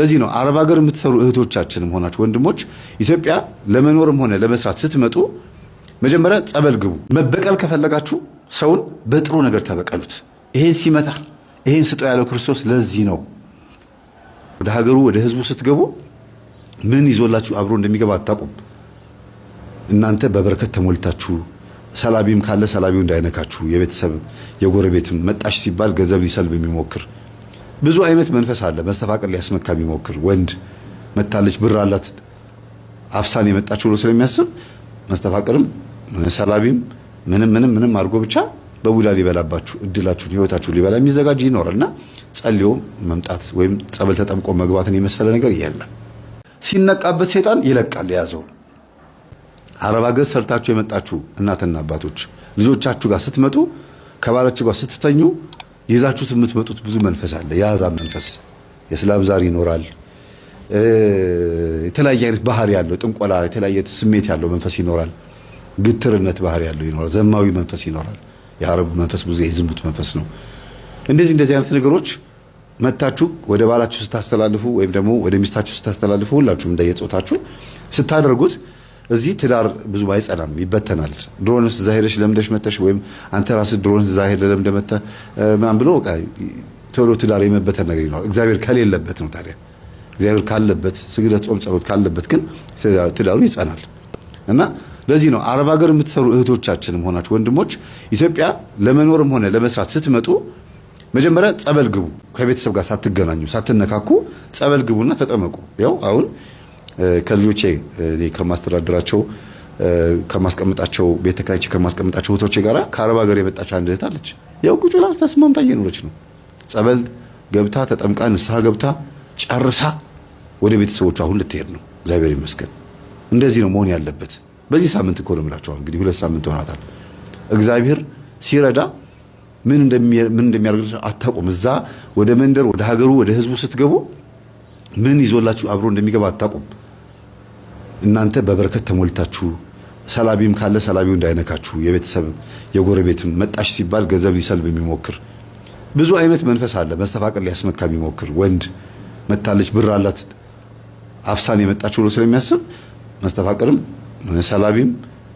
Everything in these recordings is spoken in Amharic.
ለዚህ ነው አረብ ሀገር የምትሰሩ እህቶቻችንም ሆናችሁ ወንድሞች ኢትዮጵያ ለመኖርም ሆነ ለመስራት ስትመጡ መጀመሪያ ጸበል ግቡ። መበቀል ከፈለጋችሁ ሰውን በጥሩ ነገር ተበቀሉት። ይሄን ሲመታ ይሄን ስጠው ያለው ክርስቶስ። ለዚህ ነው ወደ ሀገሩ ወደ ህዝቡ ስትገቡ ምን ይዞላችሁ አብሮ እንደሚገባ አታውቁም። እናንተ በበረከት ተሞልታችሁ ሰላቢም ካለ ሰላቢው እንዳይነካችሁ የቤተሰብ የጎረቤትም መጣሽ ሲባል ገንዘብ ሊሰልብ የሚሞክር ብዙ አይነት መንፈስ አለ። መስተፋቅር ሊያስመካ የሚሞክር ወንድ መታለች ብር አላት አፍሳን የመጣች ብሎ ስለሚያስብ መስተፋቅርም ሰላቢም ምንም ምንም ምንም አድርጎ ብቻ በቡዳ ሊበላባችሁ እድላችሁን ህይወታችሁን ሊበላ የሚዘጋጅ ይኖራል እና ጸልዮ መምጣት ወይም ጸበል ተጠምቆ መግባትን የመሰለ ነገር የለም። ሲነቃበት ሴጣን ይለቃል የያዘው። አረብ ሀገር ሰርታችሁ የመጣችሁ እናትና አባቶች ልጆቻችሁ ጋር ስትመጡ ከባላችሁ ጋር ስትተኙ ይዛችሁት የምትመጡት ብዙ መንፈስ አለ። የአሕዛብ መንፈስ የእስላም ዛር ይኖራል። የተለያየ አይነት ባህሪ ያለው ጥንቆላ፣ የተለያየ ስሜት ያለው መንፈስ ይኖራል። ግትርነት ባህሪ ያለው ይኖራል። ዘማዊ መንፈስ ይኖራል። የአረቡ መንፈስ ብዙ የዝሙት መንፈስ ነው። እንደዚህ እንደዚህ አይነት ነገሮች መታችሁ ወደ ባላችሁ ስታስተላልፉ ወይም ደግሞ ወደ ሚስታችሁ ስታስተላልፉ ሁላችሁም እንደየጾታችሁ ስታደርጉት እዚህ ትዳር ብዙ አይጸናም፣ ይበተናል። ድሮንስ እዛ ሄደሽ ለምደሽ መተሽ ወይም አንተ ራስህ ድሮንስ እዛ ሄደ ለምደ መተ ምናምን ብሎ በቃ ቶሎ ትዳር የመበተን ነገር ይኖራል። እግዚአብሔር ከሌለበት ነው። ታዲያ እግዚአብሔር ካለበት ስግደት፣ ጾም፣ ጸሎት ካለበት ግን ትዳሩ ይጸናል እና ለዚህ ነው አረብ ሀገር የምትሰሩ እህቶቻችንም ሆናችሁ ወንድሞች ኢትዮጵያ ለመኖርም ሆነ ለመስራት ስትመጡ መጀመሪያ ጸበል ግቡ። ከቤተሰብ ጋር ሳትገናኙ ሳትነካኩ ጸበል ግቡና ተጠመቁ። ያው አሁን ከልጆቼ ከማስተዳደራቸው ከማስቀምጣቸው ቤት ተከራይቼ ከማስቀምጣቸው እህቶቼ ጋራ ከአረብ ሀገር የመጣች አንድ እህት አለች። ያው ቁጭ ብላ ተስማምታ እየኖረች ነው። ጸበል ገብታ ተጠምቃ ንስሐ ገብታ ጨርሳ ወደ ቤተሰቦቿ አሁን ልትሄድ ነው። እግዚአብሔር ይመስገን። እንደዚህ ነው መሆን ያለበት። በዚህ ሳምንት እኮ ነው የምላቸው። እንግዲህ ሁለት ሳምንት ሆናታል። እግዚአብሔር ሲረዳ ምን እንደሚያደርግልሽ አታውቁም። እዛ ወደ መንደር ወደ ሀገሩ ወደ ህዝቡ ስትገቡ ምን ይዞላችሁ አብሮ እንደሚገባ አታውቁም። እናንተ በበረከት ተሞልታችሁ ሰላቢም ካለ ሰላቢው እንዳይነካችሁ የቤተሰብ የጎረቤትም መጣሽ ሲባል ገንዘብ ሊሰልብ የሚሞክር ብዙ አይነት መንፈስ አለ። መስተፋቅር ሊያስነካ የሚሞክር ወንድ መታለች ብር አላት አፍሳን የመጣች ብሎ ስለሚያስብ መስተፋቅርም ሰላቢም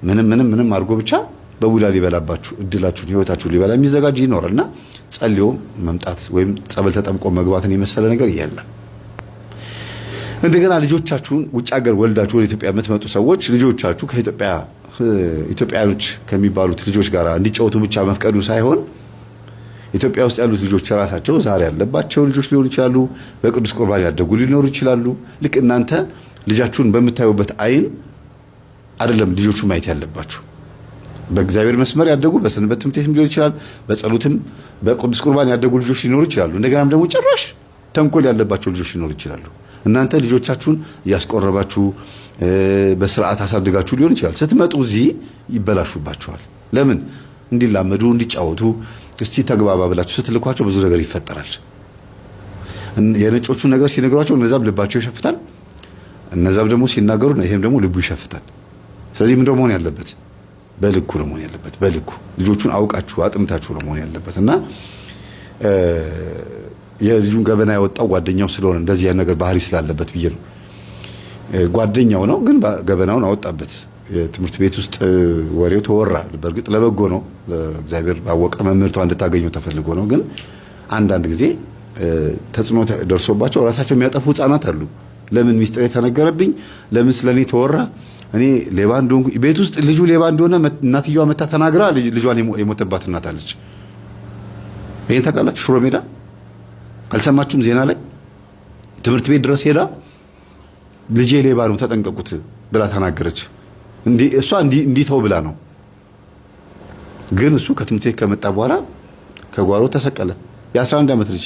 ምንም ምንም ምንም አድርጎ ብቻ በቡዳ ሊበላባችሁ እድላችሁን ህይወታችሁ ሊበላ የሚዘጋጅ ይኖራል እና ጸልዮ መምጣት ወይም ጸበል ተጠምቆ መግባትን የመሰለ ነገር የለም። እንደገና ልጆቻችሁን ውጭ ሀገር ወልዳችሁ ወደ ኢትዮጵያ የምትመጡ ሰዎች ልጆቻችሁ ከኢትዮጵያ ኢትዮጵያኖች ከሚባሉት ልጆች ጋር እንዲጫወቱ ብቻ መፍቀዱ ሳይሆን ኢትዮጵያ ውስጥ ያሉት ልጆች ራሳቸው ዛሬ ያለባቸው ልጆች ሊሆኑ ይችላሉ። በቅዱስ ቁርባን ያደጉ ሊኖሩ ይችላሉ። ልክ እናንተ ልጃችሁን በምታዩበት አይን አይደለም ልጆቹ ማየት ያለባችሁ። በእግዚአብሔር መስመር ያደጉ በሰንበት ትምህርት ቤትም ሊሆን ይችላል። በጸሎትም በቅዱስ ቁርባን ያደጉ ልጆች ሊኖሩ ይችላሉ። እንደገናም ደግሞ ጭራሽ ተንኮል ያለባቸው ልጆች ሊኖሩ ይችላሉ። እናንተ ልጆቻችሁን እያስቆረባችሁ በስርዓት አሳድጋችሁ ሊሆን ይችላል። ስትመጡ እዚህ ይበላሹባችኋል። ለምን እንዲላመዱ እንዲጫወቱ እስቲ ተግባባ ብላችሁ ስትልኳቸው ብዙ ነገር ይፈጠራል። የነጮቹን ነገር ሲነግሯቸው እነዛም ልባቸው ይሸፍታል፣ እነዛም ደግሞ ሲናገሩ ይሄም ደግሞ ልቡ ይሸፍታል። ስለዚህ ምንድን መሆን ያለበት በልኩ ነው መሆን ያለበት። በልኩ ልጆቹን አውቃችሁ አጥምታችሁ ነው መሆን ያለበት እና የልጁን ገበና ያወጣው ጓደኛው ስለሆነ እንደዚህ ያን ነገር ባህሪ ስላለበት ብዬ ነው። ጓደኛው ነው ግን ገበናውን አወጣበት። የትምህርት ቤት ውስጥ ወሬው ተወራ። በእርግጥ ለበጎ ነው። እግዚአብሔር ባወቀ መምህርቷ እንድታገኘው ተፈልጎ ነው። ግን አንዳንድ ጊዜ ተጽዕኖ ደርሶባቸው ራሳቸው የሚያጠፉ ህጻናት አሉ። ለምን ሚስጥር የተነገረብኝ? ለምን ስለኔ ተወራ? እኔ ሌባ እንደሆንኩ ቤት ውስጥ ልጁ ሌባ እንደሆነ እናትየዋ መታ ተናግራ ልጇን የሞተባት እናት አለች። ይህን ታውቃላችሁ? ሽሮ ሜዳ አልሰማችሁም? ዜና ላይ ትምህርት ቤት ድረስ ሄዳ ልጄ ሌባ ነው ተጠንቀቁት ብላ ተናገረች። እሷ እንዲተው ብላ ነው። ግን እሱ ከትምህርት ቤት ከመጣ በኋላ ከጓሮ ተሰቀለ። የ11 ዓመት ልጅ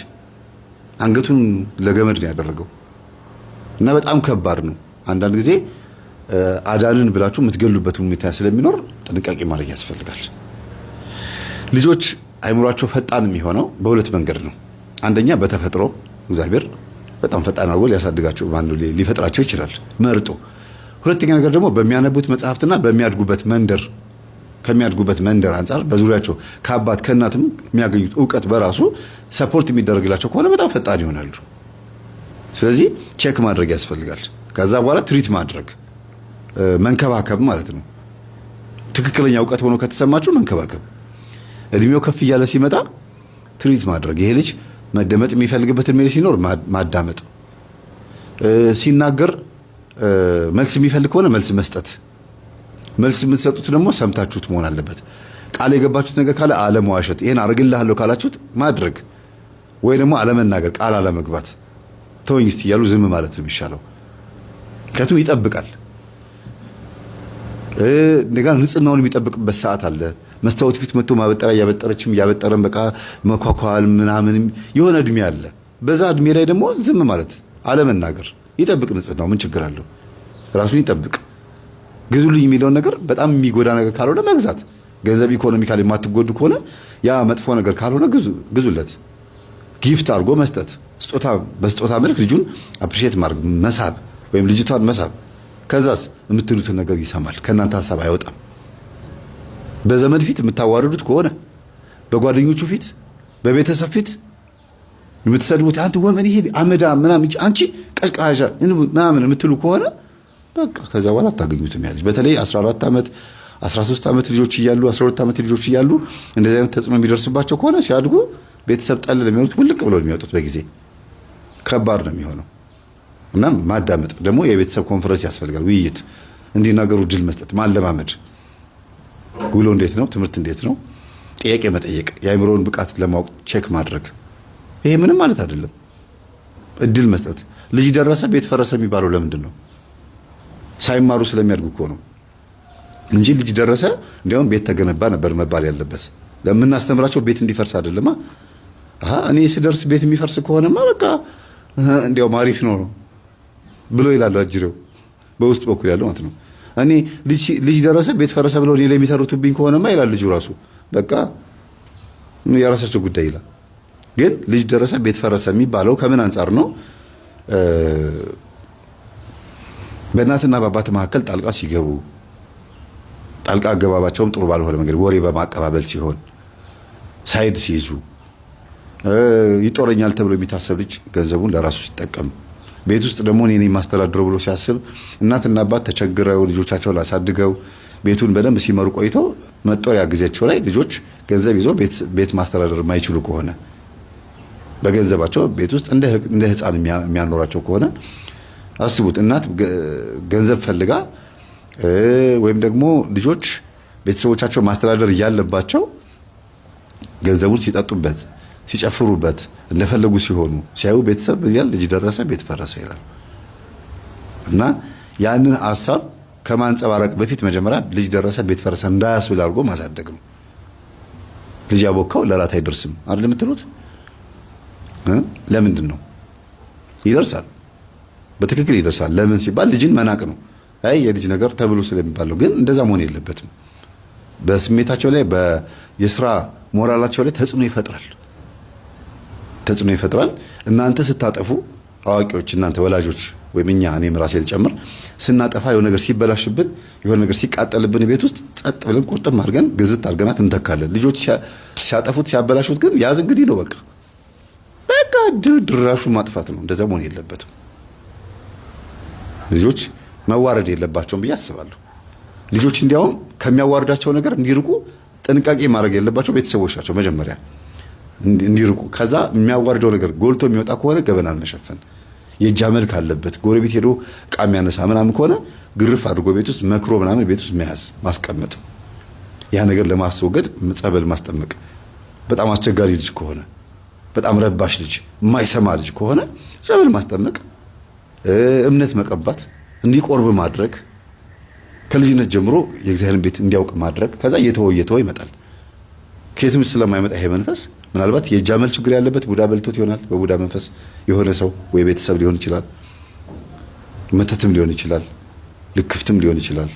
አንገቱን ለገመድ ነው ያደረገው። እና በጣም ከባድ ነው። አንዳንድ ጊዜ አዳንን ብላችሁ የምትገሉበት ሁኔታ ስለሚኖር ጥንቃቄ ማድረግ ያስፈልጋል። ልጆች አይምሯቸው ፈጣን የሚሆነው በሁለት መንገድ ነው። አንደኛ በተፈጥሮ እግዚአብሔር በጣም ፈጣን አድርጎ ሊያሳድጋቸው ማን ሊፈጥራቸው ይችላል መርጦ። ሁለተኛ ነገር ደግሞ በሚያነቡት መጽሐፍትና በሚያድጉበት መንደር ከሚያድጉበት መንደር አንጻር በዙሪያቸው ከአባት ከእናትም የሚያገኙት እውቀት በራሱ ሰፖርት የሚደረግላቸው ከሆነ በጣም ፈጣን ይሆናሉ። ስለዚህ ቼክ ማድረግ ያስፈልጋል። ከዛ በኋላ ትሪት ማድረግ መንከባከብ ማለት ነው። ትክክለኛ እውቀት ሆኖ ከተሰማችሁ መንከባከብ። እድሜው ከፍ እያለ ሲመጣ ትሪት ማድረግ ይሄ ልጅ መደመጥ የሚፈልግበት እድሜ ሲኖር ማዳመጥ፣ ሲናገር መልስ የሚፈልግ ከሆነ መልስ መስጠት። መልስ የምትሰጡት ደግሞ ሰምታችሁት መሆን አለበት። ቃል የገባችሁት ነገር ካለ አለመዋሸት፣ ይህን አድርግልሃለሁ ካላችሁት ማድረግ ወይ ደግሞ አለመናገር፣ ቃል አለመግባት፣ ተወኝ እስቲ እያሉ ዝም ማለት ነው የሚሻለው። ምክንያቱም ይጠብቃል እንደገና ንጽህናውን የሚጠብቅበት ሰዓት አለ። መስታወት ፊት መቶ ማበጠሪያ እያበጠረችም እያበጠረም በቃ መኳኳል ምናምን የሆነ እድሜ አለ። በዛ እድሜ ላይ ደግሞ ዝም ማለት አለመናገር ይጠብቅ። ንጽህናው ምን ችግር አለው? ራሱን ይጠብቅ። ግዙልኝ የሚለውን ነገር በጣም የሚጎዳ ነገር ካልሆነ መግዛት፣ ገንዘብ ኢኮኖሚካል የማትጎዱ ከሆነ ያ መጥፎ ነገር ካልሆነ ግዙለት። ጊፍት አድርጎ መስጠት፣ ስጦታ በስጦታ መልክ ልጁን አፕሪሼት ማድረግ፣ መሳብ ወይም ልጅቷን መሳብ። ከዛስ የምትሉትን ነገር ይሰማል። ከእናንተ ሀሳብ አይወጣም። በዘመድ ፊት የምታዋርዱት ከሆነ በጓደኞቹ ፊት፣ በቤተሰብ ፊት የምትሰድቡት አንተ ወመን ይሄ አመዳ ምናምን አንቺ ቀሽቃሻ ምናምን የምትሉ ከሆነ በቃ ከዛ በኋላ አታገኙትም። ያለች በተለይ 14 ዓመት 13 ዓመት ልጆች እያሉ 12 ዓመት ልጆች እያሉ እንደዚህ አይነት ተጽዕኖ የሚደርስባቸው ከሆነ ሲያድጉ ቤተሰብ ጠል ለሚሆኑት ውልቅ ብሎ የሚወጡት በጊዜ ከባድ ነው የሚሆነው። እናም ማዳመጥ ደግሞ የቤተሰብ ኮንፈረንስ ያስፈልጋል። ውይይት እንዲናገሩ ድል መስጠት ማለማመድ ውሎ እንዴት ነው፣ ትምህርት እንዴት ነው፣ ጥያቄ መጠየቅ፣ የአእምሮውን ብቃት ለማወቅ ቼክ ማድረግ። ይሄ ምንም ማለት አይደለም። እድል መስጠት። ልጅ ደረሰ ቤት ፈረሰ የሚባለው ለምንድን ነው? ሳይማሩ ስለሚያድጉ እኮ ነው እንጂ ልጅ ደረሰ እንዲያውም ቤት ተገነባ ነበር መባል ያለበት። ለምናስተምራቸው ቤት እንዲፈርስ አይደለማ። እኔ ስደርስ ቤት የሚፈርስ ከሆነማ በቃ እንዲያውም አሪፍ ነው ነው ብሎ ይላሉ አጅሬው በውስጥ በኩል ያለው ማለት ነው። እኔ ልጅ ደረሰ ቤት ፈረሰ ብለው እኔ ላይ የሚተርቱብኝ ከሆነማ ይላል ልጁ ራሱ በቃ የራሳቸው ጉዳይ ይላል። ግን ልጅ ደረሰ ቤት ፈረሰ የሚባለው ከምን አንጻር ነው? በእናትና በአባት መካከል ጣልቃ ሲገቡ ጣልቃ አገባባቸውም ጥሩ ባልሆነ መንገድ ወሬ በማቀባበል ሲሆን ሳይድ ሲይዙ ይጦረኛል ተብሎ የሚታሰብ ልጅ ገንዘቡን ለራሱ ሲጠቀም ቤት ውስጥ ደግሞ እኔ የማስተዳድረው ብሎ ሲያስብ እናትና አባት ተቸግረው ልጆቻቸው አሳድገው ቤቱን በደንብ ሲመሩ ቆይተው መጦሪያ ጊዜያቸው ላይ ልጆች ገንዘብ ይዞ ቤት ማስተዳደር የማይችሉ ከሆነ በገንዘባቸው ቤት ውስጥ እንደ ሕፃን የሚያኖራቸው ከሆነ አስቡት። እናት ገንዘብ ፈልጋ ወይም ደግሞ ልጆች ቤተሰቦቻቸው ማስተዳደር እያለባቸው ገንዘቡን ሲጠጡበት ሲጨፍሩበት እንደፈለጉ ሲሆኑ ሲያዩ ቤተሰብ ያል ልጅ ደረሰ ቤት ፈረሰ ይላል። እና ያንን ሀሳብ ከማንጸባረቅ በፊት መጀመሪያ ልጅ ደረሰ ቤት ፈረሰ እንዳያስብል አድርጎ ማሳደግ ነው። ልጅ ያቦካው ለራት አይደርስም አይደል የምትሉት? ለምንድን ነው ይደርሳል? በትክክል ይደርሳል። ለምን ሲባል ልጅን መናቅ ነው። አይ የልጅ ነገር ተብሎ ስለሚባለው ግን እንደዛ መሆን የለበትም። በስሜታቸው ላይ የስራ ሞራላቸው ላይ ተጽዕኖ ይፈጥራል። ተጽዕኖ ይፈጥራል። እናንተ ስታጠፉ አዋቂዎች እናንተ ወላጆች ወይም እኛ እኔም ራሴ ልጨምር ስናጠፋ የሆነ ነገር ሲበላሽብን የሆነ ነገር ሲቃጠልብን ቤት ውስጥ ጸጥ ብለን ቁርጥም አድርገን ግዝት አድርገናት እንተካለን። ልጆች ሲያጠፉት ሲያበላሹት ግን ያዝ እንግዲህ ነው በቃ በቃ ድራሹ ማጥፋት ነው። እንደዚያ መሆን የለበትም። ልጆች መዋረድ የለባቸውም ብዬ አስባለሁ። ልጆች እንዲያውም ከሚያዋርዳቸው ነገር እንዲርቁ ጥንቃቄ ማድረግ ያለባቸው ቤተሰቦች ናቸው መጀመሪያ እንዲርቁ። ከዛ የሚያዋርደው ነገር ጎልቶ የሚወጣ ከሆነ ገበናን መሸፈን የእጃ መልክ አለበት። ጎረቤት ሄዶ እቃ የሚያነሳ ምናምን ከሆነ ግርፍ አድርጎ ቤት ውስጥ መክሮ ምናምን ቤት ውስጥ መያዝ ማስቀመጥ፣ ያ ነገር ለማስወገድ ጸበል ማስጠመቅ። በጣም አስቸጋሪ ልጅ ከሆነ በጣም ረባሽ ልጅ፣ የማይሰማ ልጅ ከሆነ ጸበል ማስጠመቅ፣ እምነት መቀባት፣ እንዲቆርብ ማድረግ፣ ከልጅነት ጀምሮ የእግዚአብሔርን ቤት እንዲያውቅ ማድረግ። ከዛ እየተወ እየተወ ይመጣል። ከየትም ስለማይመጣ ይሄ መንፈስ ምናልባት የጃመል ችግር ያለበት ቡዳ በልቶት ይሆናል። በቡዳ መንፈስ የሆነ ሰው ወይ ቤተሰብ ሊሆን ይችላል፣ መተትም ሊሆን ይችላል፣ ልክፍትም ሊሆን ይችላል፣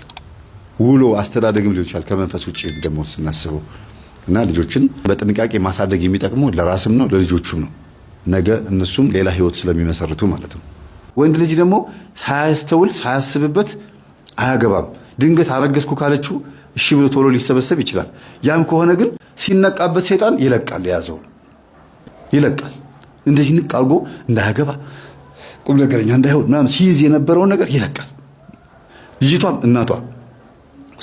ውሎ አስተዳደግም ሊሆን ይችላል። ከመንፈስ ውጭ ደግሞ ስናስበው እና ልጆችን በጥንቃቄ ማሳደግ የሚጠቅመው ለራስም ነው ለልጆቹም ነው። ነገ እነሱም ሌላ ህይወት ስለሚመሰርቱ ማለት ነው። ወንድ ልጅ ደግሞ ሳያስተውል ሳያስብበት አያገባም። ድንገት አረገዝኩ ካለችው እሺ ብሎ ቶሎ ሊሰበሰብ ይችላል። ያም ከሆነ ግን ሲነቃበት ሴጣን ይለቃል፣ የያዘው ይለቃል። እንደዚህ ንቅ አድርጎ እንዳያገባ ቁም ነገረኛ እንዳይሆን ምናምን ሲይዝ የነበረውን ነገር ይለቃል። ልጅቷም እናቷ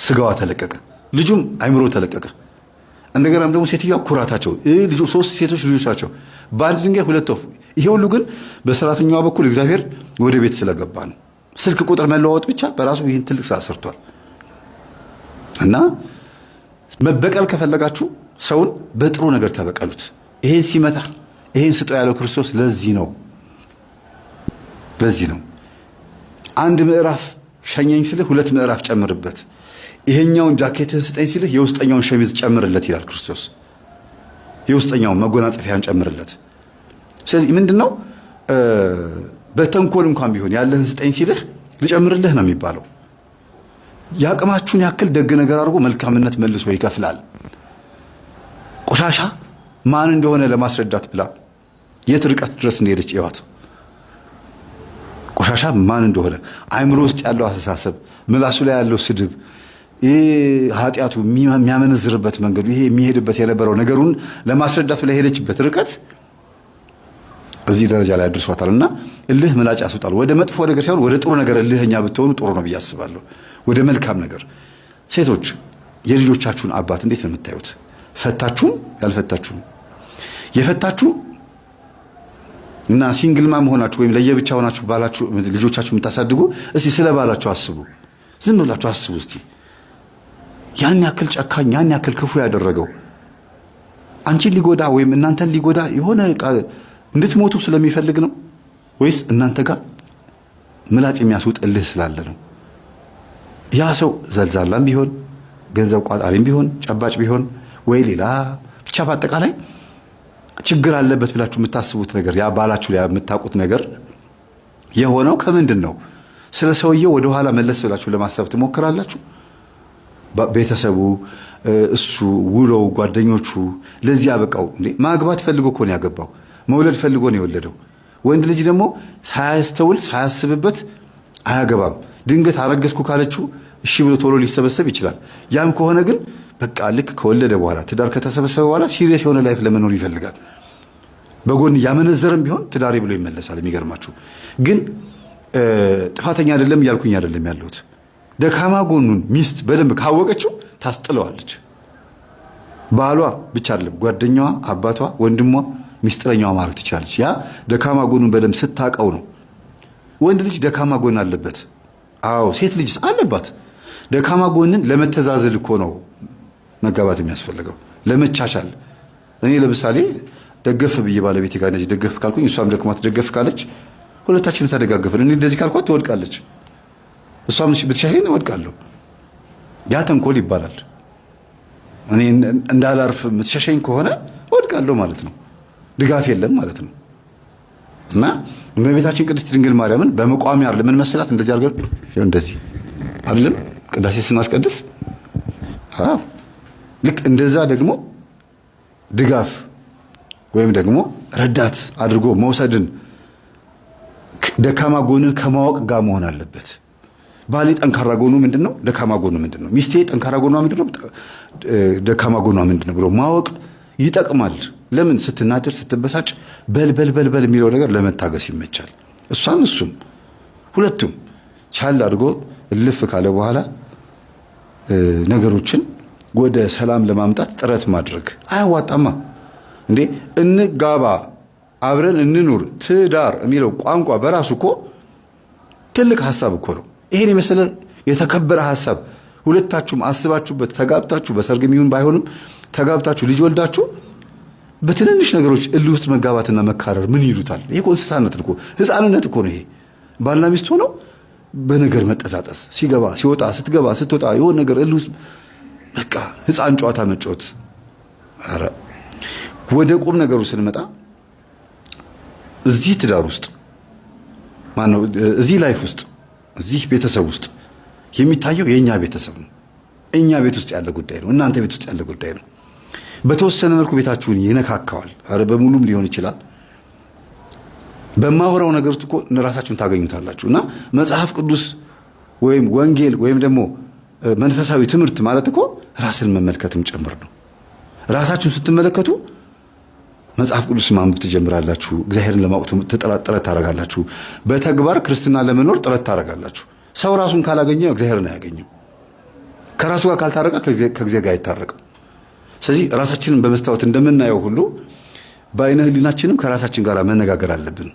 ስጋዋ ተለቀቀ፣ ልጁም አይምሮ ተለቀቀ። እንደገናም ደግሞ ሴትዮዋ ኩራታቸው ሶስት ሴቶች ልጆቻቸው በአንድ ድንጋይ ሁለት ወፍ። ይሄ ሁሉ ግን በሰራተኛዋ በኩል እግዚአብሔር ወደ ቤት ስለገባ ነው። ስልክ ቁጥር መለዋወጥ ብቻ በራሱ ይህን ትልቅ ስራ ሰርቷል እና መበቀል ከፈለጋችሁ ሰውን በጥሩ ነገር ተበቀሉት። ይሄን ሲመታ ይሄን ስጠው ያለው ክርስቶስ ለዚህ ነው ለዚህ ነው አንድ ምዕራፍ ሸኘኝ ስልህ ሁለት ምዕራፍ ጨምርበት፣ ይሄኛውን ጃኬትህን ስጠኝ ስልህ የውስጠኛውን ሸሚዝ ጨምርለት ይላል ክርስቶስ። የውስጠኛውን መጎናጸፊያን ጨምርለት። ስለዚህ ምንድን ነው በተንኮል እንኳን ቢሆን ያለህን ስጠኝ ሲልህ ልጨምርልህ ነው የሚባለው። የአቅማችሁን ያክል ደግ ነገር አድርጎ መልካምነት መልሶ ይከፍላል። ቆሻሻ ማን እንደሆነ ለማስረዳት ብላ የት ርቀት ድረስ እንደሄደች እዋት። ቆሻሻ ማን እንደሆነ አይምሮ ውስጥ ያለው አስተሳሰብ፣ ምላሱ ላይ ያለው ስድብ፣ ይህ ኃጢአቱ የሚያመነዝርበት መንገዱ፣ ይሄ የሚሄድበት የነበረው ነገሩን ለማስረዳት ብላ የሄደችበት ርቀት እዚህ ደረጃ ላይ አድርሷታል። እና እልህ ምላጭ ያስወጣል። ወደ መጥፎ ነገር ሳይሆን ወደ ጥሩ ነገር እልህኛ ብትሆኑ ጥሩ ነው ብዬ አስባለሁ። ወደ መልካም ነገር። ሴቶች የልጆቻችሁን አባት እንዴት ነው የምታዩት? ፈታችሁም ያልፈታችሁም የፈታችሁ እና ሲንግልማ መሆናችሁ ወይም ለየብቻ ሆናችሁ ባላችሁ ልጆቻችሁ የምታሳድጉ እስቲ ስለ ባላችሁ አስቡ። ዝም ብላችሁ አስቡ እስቲ። ያን ያክል ጨካኝ፣ ያን ያክል ክፉ ያደረገው አንቺን ሊጎዳ ወይም እናንተን ሊጎዳ የሆነ እንድትሞቱ ስለሚፈልግ ነው ወይስ እናንተ ጋር ምላጭ የሚያስውጥ እልህ ስላለ ነው? ያ ሰው ዘልዛላም ቢሆን ገንዘብ ቋጣሪም ቢሆን ጨባጭ ቢሆን ወይ ሌላ ብቻ በአጠቃላይ ችግር አለበት ብላችሁ የምታስቡት ነገር ያ ባላችሁ የምታውቁት ነገር የሆነው ከምንድን ነው? ስለ ሰውየው ወደኋላ መለስ ብላችሁ ለማሰብ ትሞክራላችሁ። ቤተሰቡ፣ እሱ፣ ውሎው፣ ጓደኞቹ ለዚህ አበቃው እንዴ? ማግባት ፈልጎ እኮ ነው ያገባው። መውለድ ፈልጎ ነው የወለደው። ወንድ ልጅ ደግሞ ሳያስተውል ሳያስብበት አያገባም። ድንገት አረገዝኩ ካለችው እሺ ብሎ ቶሎ ሊሰበሰብ ይችላል። ያም ከሆነ ግን በቃ ልክ ከወለደ በኋላ ትዳር ከተሰበሰበ በኋላ ሲሪየስ የሆነ ላይፍ ለመኖር ይፈልጋል። በጎን ያመነዘረም ቢሆን ትዳሬ ብሎ ይመለሳል። የሚገርማችሁ ግን ጥፋተኛ አይደለም እያልኩኝ አይደለም ያለሁት። ደካማ ጎኑን ሚስት በደንብ ካወቀችው ታስጥለዋለች። ባሏ ብቻ አይደለም ጓደኛዋ፣ አባቷ፣ ወንድሟ ሚስጥረኛዋ ማድረግ ትችላለች። ያ ደካማ ጎኑን በደንብ ስታውቀው ነው። ወንድ ልጅ ደካማ ጎን አለበት። አዎ ሴት ልጅስ አለባት። ደካማ ጎንን ለመተዛዘል እኮ ነው መጋባት የሚያስፈልገው፣ ለመቻቻል። እኔ ለምሳሌ ደገፍ ብዬ ባለቤቴ ጋር እንደዚህ ደገፍ ካልኩኝ እሷም ደክሟት ደገፍ ካለች ሁለታችን ተደጋገፍን። እኔ እንደዚህ ካልኳት ትወድቃለች፣ እሷም ብትሻሽለኝ እወድቃለሁ። ያ ተንኮል ይባላል። እኔ እንዳላርፍ የምትሻሸኝ ከሆነ እወድቃለሁ ማለት ነው። ድጋፍ የለም ማለት ነው እና እመቤታችን ቅድስት ድንግል ማርያምን በመቋሚያ አለ ምን መሰላት እንደዚህ አርገ እንደዚህ አይደለም ቅዳሴ ስናስቀድስ። ልክ እንደዛ ደግሞ ድጋፍ ወይም ደግሞ ረዳት አድርጎ መውሰድን ደካማ ጎንን ከማወቅ ጋር መሆን አለበት። ባሌ ጠንካራ ጎኑ ምንድን ነው? ደካማ ጎኑ ምንድን ነው? ሚስቴ ጠንካራ ጎኗ ምንድን ነው? ደካማ ጎኗ ምንድን ነው ብሎ ማወቅ ይጠቅማል። ለምን ስትናደር ስትበሳጭ በልበል በልበል የሚለው ነገር ለመታገስ ይመቻል። እሷም እሱም ሁለቱም ቻል አድርጎ እልፍ ካለ በኋላ ነገሮችን ወደ ሰላም ለማምጣት ጥረት ማድረግ አያዋጣማ እንዴ። እንጋባ፣ አብረን እንኑር፣ ትዳር የሚለው ቋንቋ በራሱ እኮ ትልቅ ሀሳብ እኮ ነው። ይሄን የመሰለ የተከበረ ሀሳብ ሁለታችሁም አስባችሁበት ተጋብታችሁ በሰርግ የሚሆን ባይሆንም ተጋብታችሁ ልጅ ወልዳችሁ በትንንሽ ነገሮች እልህ ውስጥ መጋባትና መካረር ምን ይሉታል? ይሄ እኮ እንስሳነት እኮ ህፃንነት እኮ ነው። ይሄ ባልና ሚስት ሆነው በነገር መጠዛጠስ ሲገባ ሲወጣ ስትገባ ስትወጣ የሆነ ነገር እልህ ውስጥ በቃ ህፃን ጨዋታ መጫወት። ኧረ ወደ ቁም ነገሩ ስንመጣ እዚህ ትዳር ውስጥ ማነው እዚህ ላይፍ ውስጥ እዚህ ቤተሰብ ውስጥ የሚታየው የእኛ ቤተሰብ ነው። እኛ ቤት ውስጥ ያለ ጉዳይ ነው። እናንተ ቤት ውስጥ ያለ ጉዳይ ነው። በተወሰነ መልኩ ቤታችሁን ይነካካዋል። አረ በሙሉም ሊሆን ይችላል። በማወራው ነገር ውስጥ እኮ ራሳችሁን ታገኙታላችሁ። እና መጽሐፍ ቅዱስ ወይም ወንጌል ወይም ደግሞ መንፈሳዊ ትምህርት ማለት እኮ ራስን መመልከትም ጭምር ነው። ራሳችሁን ስትመለከቱ መጽሐፍ ቅዱስ ማንበብ ትጀምራላችሁ። እግዚአብሔርን ለማወቅ ጥረት ታደርጋላችሁ። በተግባር ክርስትና ለመኖር ጥረት ታደርጋላችሁ። ሰው ራሱን ካላገኘ እግዚአብሔርን አያገኝም። ከራሱ ጋር ካልታረቀ ከእግዚአብሔር ጋር አይታረቅም። ስለዚህ ራሳችንን በመስታወት እንደምናየው ሁሉ በአይነ ህሊናችንም ከራሳችን ጋር መነጋገር አለብን።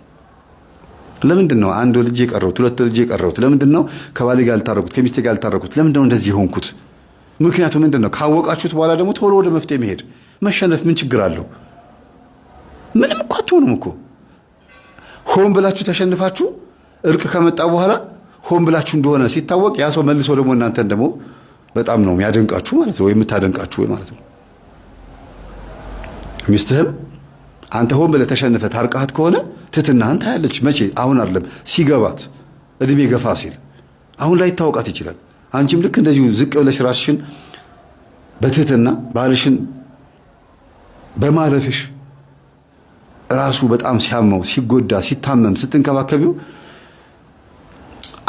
ለምንድን ነው አንድ ልጅ የቀረሁት? ሁለት ልጅ የቀረሁት? ለምንድን ነው ከባሌ ጋር ያልታረኩት? ከሚስቴ ጋር ያልታረኩት? ለምንድን ነው እንደዚህ የሆንኩት? ምክንያቱ ምንድን ነው? ካወቃችሁት በኋላ ደግሞ ቶሎ ወደ መፍትሄ መሄድ። መሸነፍ ምን ችግር አለው? ምንም እኮ አትሆንም እኮ። ሆን ብላችሁ ተሸንፋችሁ እርቅ ከመጣ በኋላ ሆን ብላችሁ እንደሆነ ሲታወቅ ያ ሰው መልሶ ደግሞ እናንተን ደግሞ በጣም ነው የሚያደንቃችሁ ማለት ነው፣ የምታደንቃችሁ ማለት ነው። ሚስትህም አንተ ሆን ብለህ ተሸንፈ ታርቃት ከሆነ አንተ ያለች መቼ አሁን አይደለም ሲገባት፣ እድሜ ገፋ ሲል አሁን ላይ ታውቃት ይችላል። አንቺም ልክ እንደዚሁ ዝቅ ብለሽ ራስሽን በትህትና ባልሽን በማለፍሽ ራሱ በጣም ሲያመው ሲጎዳ ሲታመም ስትንከባከቢው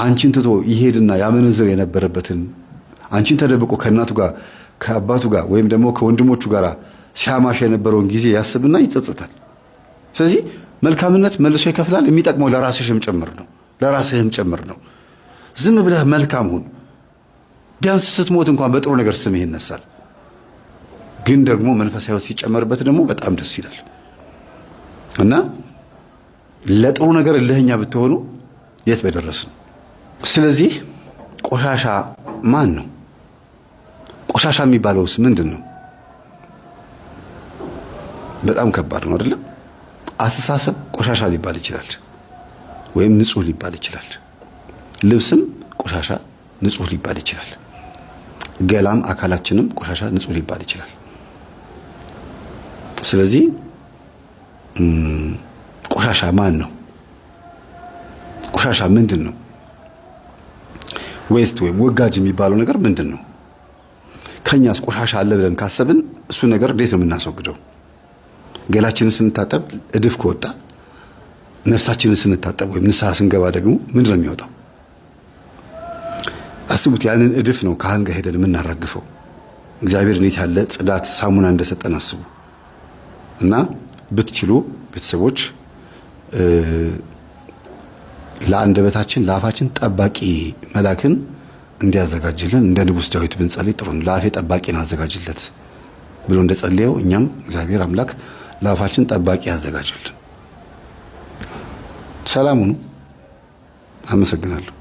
አንቺን ትቶ ይሄድና ያመነዝር የነበረበትን አንቺን ተደብቆ ከእናቱ ጋር ከአባቱ ጋር ወይም ደግሞ ከወንድሞቹ ጋር ሲያማሽ የነበረውን ጊዜ ያስብና ይጸጽታል። ስለዚህ መልካምነት መልሶ ይከፍላል። የሚጠቅመው ለራስሽም ጭምር ነው፣ ለራስህም ጭምር ነው። ዝም ብለህ መልካም ሁን። ቢያንስ ስትሞት እንኳን በጥሩ ነገር ስምህ ይነሳል። ግን ደግሞ መንፈሳዊ ሲጨመርበት ደግሞ በጣም ደስ ይላል እና ለጥሩ ነገር እልህኛ ብትሆኑ የት በደረስ ነው። ስለዚህ ቆሻሻ ማን ነው? ቆሻሻ የሚባለውስ ምንድን ነው? በጣም ከባድ ነው አይደለም? አስተሳሰብ ቆሻሻ ሊባል ይችላል፣ ወይም ንጹህ ሊባል ይችላል። ልብስም ቆሻሻ ንጹህ ሊባል ይችላል። ገላም አካላችንም ቆሻሻ ንጹህ ሊባል ይችላል። ስለዚህ ቆሻሻ ማን ነው? ቆሻሻ ምንድን ነው? ዌስት ወይም ወጋጅ የሚባለው ነገር ምንድን ነው? ከኛስ ቆሻሻ አለ ብለን ካሰብን እሱ ነገር እንዴት ነው የምናስወግደው? ገላችንን ስንታጠብ እድፍ ከወጣ ነፍሳችንን ስንታጠብ ወይም ንስሐ ስንገባ ደግሞ ምንድን ነው የሚወጣው? አስቡት። ያንን እድፍ ነው ካህን ጋር ሄደን የምናራግፈው። እግዚአብሔር እንዴት ያለ ጽዳት ሳሙና እንደሰጠን አስቡ። እና ብትችሉ ቤተሰቦች ለአንደበታችን ለአፋችን ጠባቂ መላክን እንዲያዘጋጅልን እንደ ንጉሥ ዳዊት ብንጸልይ ጥሩ ነው። ለአፌ ጠባቂን አዘጋጅለት ብሎ እንደጸለየው እኛም እግዚአብሔር አምላክ ለአፋችን ጠባቂ ያዘጋጅልን። ሰላም ሁኑ። አመሰግናለሁ።